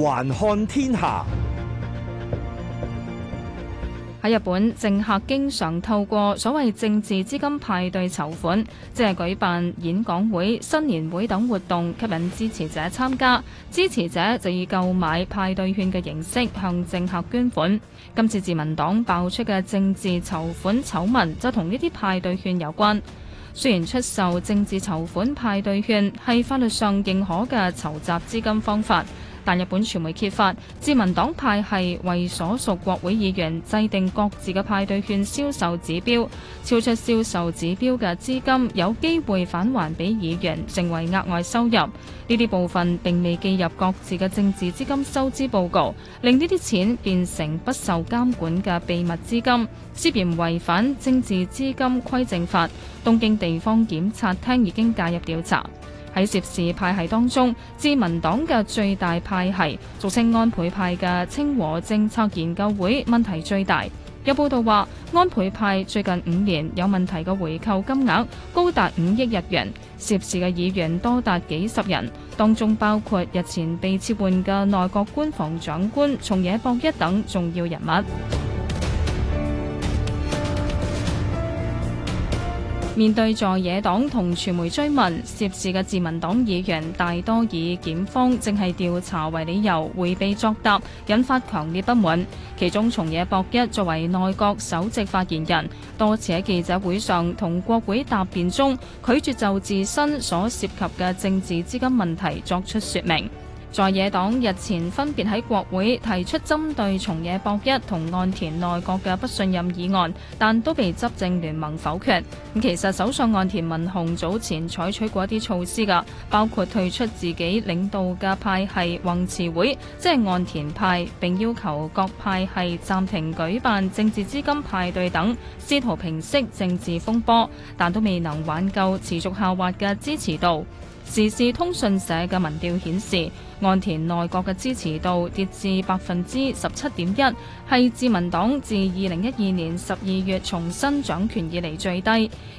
環看天下。喺日本，政客經常透過所謂政治資金派對籌款，即係舉辦演講會、新年會等活動，吸引支持者參加。支持者就以購買派對券嘅形式向政客捐款。今次自民黨爆出嘅政治籌款醜聞就同呢啲派對券有關。雖然出售政治籌款派對券係法律上認可嘅籌集資金方法。但日本傳媒揭發，自民黨派系為所屬國會議員制定各自嘅派對券銷售指標，超出銷售指標嘅資金有機會返還俾議員，成為額外收入。呢啲部分並未記入各自嘅政治資金收支報告，令呢啲錢變成不受監管嘅秘密資金，涉嫌違反政治資金規正法。東京地方檢察廳已經介入調查。喺涉事派系當中，自民黨嘅最大派系，俗稱安倍派嘅清和政策研究會問題最大。有報道話安倍派最近五年有問題嘅回扣金額高達五億日元，涉事嘅議員多達幾十人，當中包括日前被撤換嘅內閣官房長官松野博一等重要人物。面對在野黨同傳媒追問，涉事嘅自民黨議員大多以檢方正係調查為理由迴避作答，引發強烈不滿。其中松野博一作為內閣首席發言人，多次喺記者會上同國會答辯中拒絕就自身所涉及嘅政治資金問題作出說明。在野黨日前分別喺國會提出針對松野博一同岸田內閣嘅不信任議案，但都被執政聯盟否決。咁其實首相岸田文雄早前採取過一啲措施㗎，包括退出自己領導嘅派系宏池會，即係岸田派，並要求各派系暫停舉辦政治資金派對等，試圖平息政治風波，但都未能挽救持續下滑嘅支持度。時事通信社嘅民調顯示，岸田內閣嘅支持度跌至百分之十七點一，係自民黨自二零一二年十二月重新掌權以嚟最低，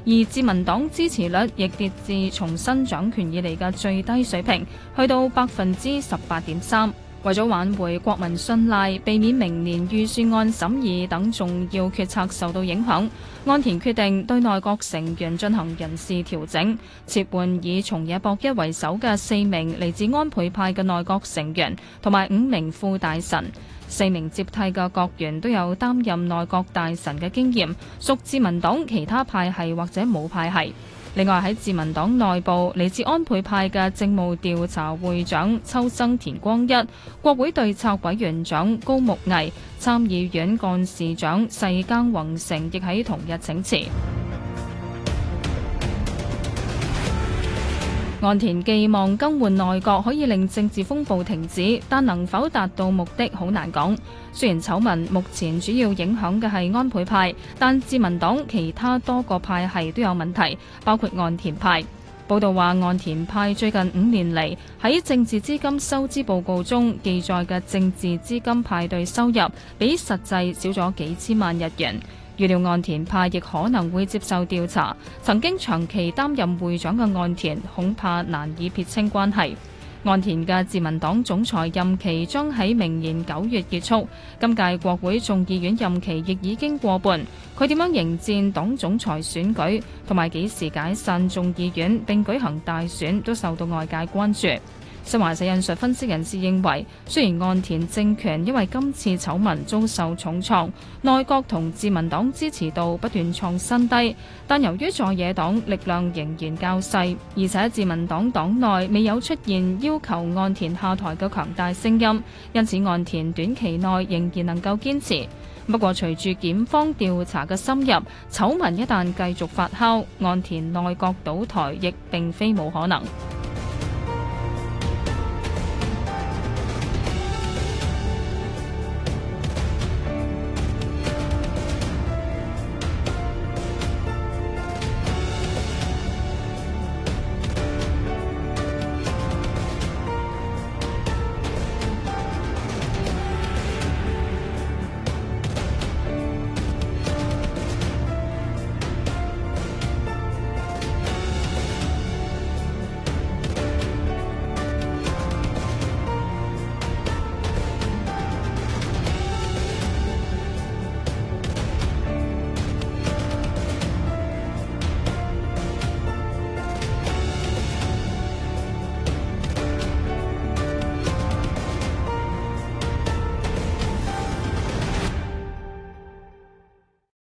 而自民黨支持率亦跌至重新掌權以嚟嘅最低水平，去到百分之十八點三。為咗挽回國民信賴，避免明年預算案審議等重要決策受到影響，岸田決定對內閣成員進行人事調整，撤換以松野博一為首嘅四名嚟自安倍派嘅內閣成員，同埋五名副大臣。四名接替嘅閣員都有擔任內閣大臣嘅經驗，屬自民黨其他派系或者冇派系。另外，喺自民黨內部，嚟自安倍派嘅政務調查會長秋生田光一、國會對策委員長高木毅、參議院幹事長世耕宏成亦喺同日請辭。岸田寄望更換內閣可以令政治風暴停止，但能否達到目的好難講。雖然醜聞目前主要影響嘅係安倍派，但自民黨其他多個派系都有問題，包括岸田派。報道話岸田派最近五年嚟喺政治資金收支報告中記載嘅政治資金派對收入，比實際少咗幾千萬日元。預料岸田派亦可能會接受調查，曾經長期擔任會長嘅岸田恐怕難以撇清關係。岸田嘅自民黨總裁任期將喺明年九月結束，今屆國會眾議院任期亦已經過半，佢點樣迎戰黨總裁選舉，同埋幾時解散眾議院並舉行大選，都受到外界關注。新華社引述分析人士認為，雖然岸田政權因為今次醜聞遭受重創，內閣同自民黨支持度不斷創新低，但由於在野黨力量仍然較細，而且自民黨黨內未有出現要求岸田下台嘅強大聲音，因此岸田短期內仍然能夠堅持。不過隨住檢方調查嘅深入，醜聞一旦繼續發酵，岸田內閣倒台亦並非冇可能。